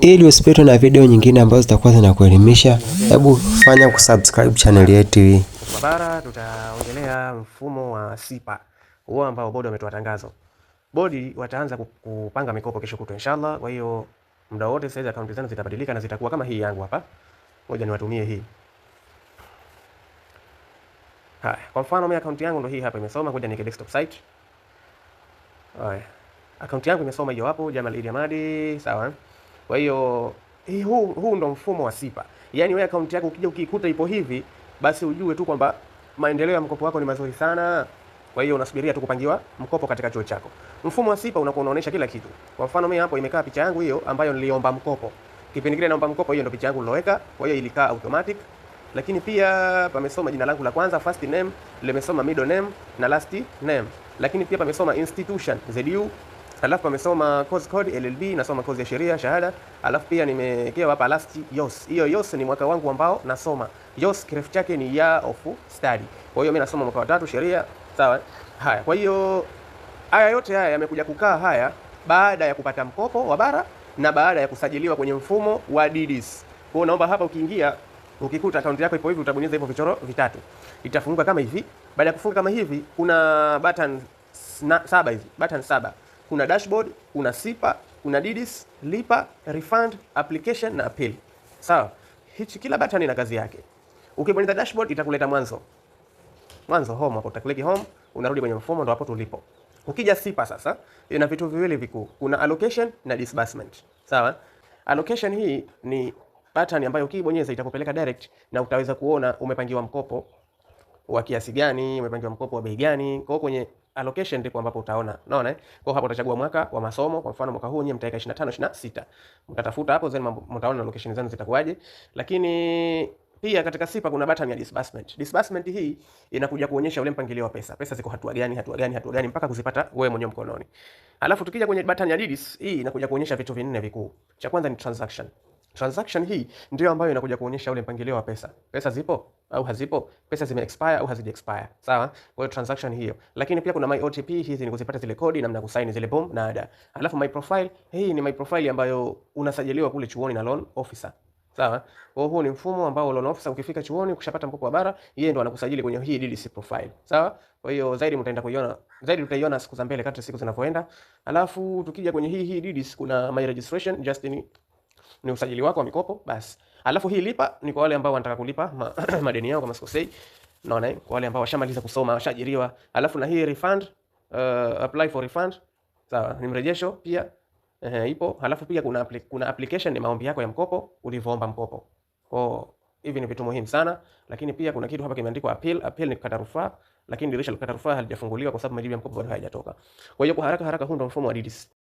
Ili usipitwe na video nyingine ambazo zitakuwa zinakuelimisha, hebu fanya kusubscribe channel yetu hii. Barabara tutaongelea mfumo wa sipa huo ambao bodi wametoa tangazo. Bodi wataanza kupanga mikopo kesho kutwa inshallah. Kwa hiyo muda wote sasa akaunti zenu zitabadilika na zitakuwa kama hii yangu hapa. Ngoja niwatumie hii. Haya, kwa mfano mimi akaunti yangu ndo hii hapa imesoma, kuja ni desktop site. Haya. Akaunti yangu imesoma hiyo hapo Jamal Idi Amadi, sawa? Kwa hiyo huu, huu ndo mfumo wa SIPA. Yaani wewe akaunti yako ukija ukikuta ipo hivi, basi ujue tu kwamba maendeleo ya mkopo wako ni mazuri sana. Kwa hiyo unasubiria tu kupangiwa mkopo katika chuo chako. Mfumo wa SIPA unakuwa unaonyesha kila kitu. Kwa mfano mimi hapo imekaa picha yangu hiyo ambayo niliomba mkopo. Kipindi kile naomba mkopo, hiyo ndo picha yangu niloweka, kwa hiyo ilikaa automatic. Lakini pia pamesoma jina langu la kwanza first name, limesoma middle name na last name. Lakini pia pamesoma institution ZU Alafu amesoma course code LLB, nasoma course ya sheria shahada, Alafu pia nimekea hapa last YOS. Hiyo YOS ni mwaka wangu ambao nasoma. YOS kirefu chake ni year of study. Kwa hiyo mimi nasoma mwaka wa tatu sheria, sawa? Haya, kwa hiyo haya yote haya yamekuja kukaa haya baada ya kupata mkopo wa bara na baada ya kusajiliwa kwenye mfumo wa DDS. Kwa hiyo naomba hapa ukiingia ukikuta akaunti yako ipo hivi, utabonyeza hivyo vichoro vitatu, itafunguka kama hivi. Baada ya kufunga kama hivi, kuna button saba hizi, button saba kuna dashboard, kuna sipa, kuna didis, lipa, refund, application na appeal. Sawa, hichi kila button ina kazi yake. Ukibonyeza dashboard itakuleta mwanzo mwanzo home, hapo utaklik home, unarudi kwenye mfumo, ndio hapo tulipo. Ukija sipa sasa, ina vitu viwili vikuu, kuna allocation na disbursement. Sawa, allocation hii ni button ambayo ukibonyeza itakupeleka direct na utaweza kuona umepangiwa mkopo wa kiasi gani, umepangiwa mkopo wa bei gani. Kwa kwenye allocation ndipo ambapo utaona unaona eh kwa hapo utachagua mwaka wa masomo kwa mfano mwaka huu nyinyi mtaweka 25 26 mtatafuta hapo then mtaona allocation zenu zitakuwaje lakini pia katika sipa kuna button ya disbursement. Disbursement hii inakuja kuonyesha ule mpangilio wa pesa. Pesa ziko hatua gani, hatua gani, hatua gani mpaka kuzipata wewe mwenyewe mkononi. Alafu tukija kwenye button ya deeds, hii inakuja kuonyesha vitu vinne vikuu. Cha kwanza ni transaction. Transaction hii ndio ambayo inakuja kuonyesha ule mpangilio wa pesa. Pesa zipo au hazipo? Pesa zime expire au hazije expire. Sawa? Kwa hiyo transaction hiyo. Lakini pia kuna my OTP, hizi ni kuzipata zile kodi na ya kusaini zile bomb na ada. Alafu my profile, hii ni my profile ambayo unasajiliwa kule chuoni na loan officer. Sawa? Kwa huu ni mfumo ambao loan officer ukifika chuoni ukishapata mkopo wa bara, yeye ndo anakusajili kwenye hii DDC profile. Sawa? Kwa hiyo zaidi mtaenda kuiona, zaidi tutaiona siku za mbele kadri siku zinavyoenda. Alafu tukija kwenye hii hii DDC kuna my registration just in ni usajili wako wa mikopo basi. Alafu hii lipa ni kwa wale ambao wanataka kulipa ma, madeni yao kama sikosei. Naona kwa wale ambao washamaliza kusoma, washajiriwa. Alafu na hii refund, uh, apply for refund. Sawa, ni mrejesho pia. Eh, ipo. Alafu pia kuna apli, kuna application ni maombi yako ya mkopo ulivyoomba mkopo. Kwa hivi ni vitu muhimu sana, lakini pia kuna kitu hapa kimeandikwa appeal. Appeal ni kukata rufaa, lakini dirisha la kukata rufaa halijafunguliwa kwa sababu majibu ya mkopo bado hayajatoka. Kwa hiyo kwa haraka haraka, huu ndio mfumo wa DDC.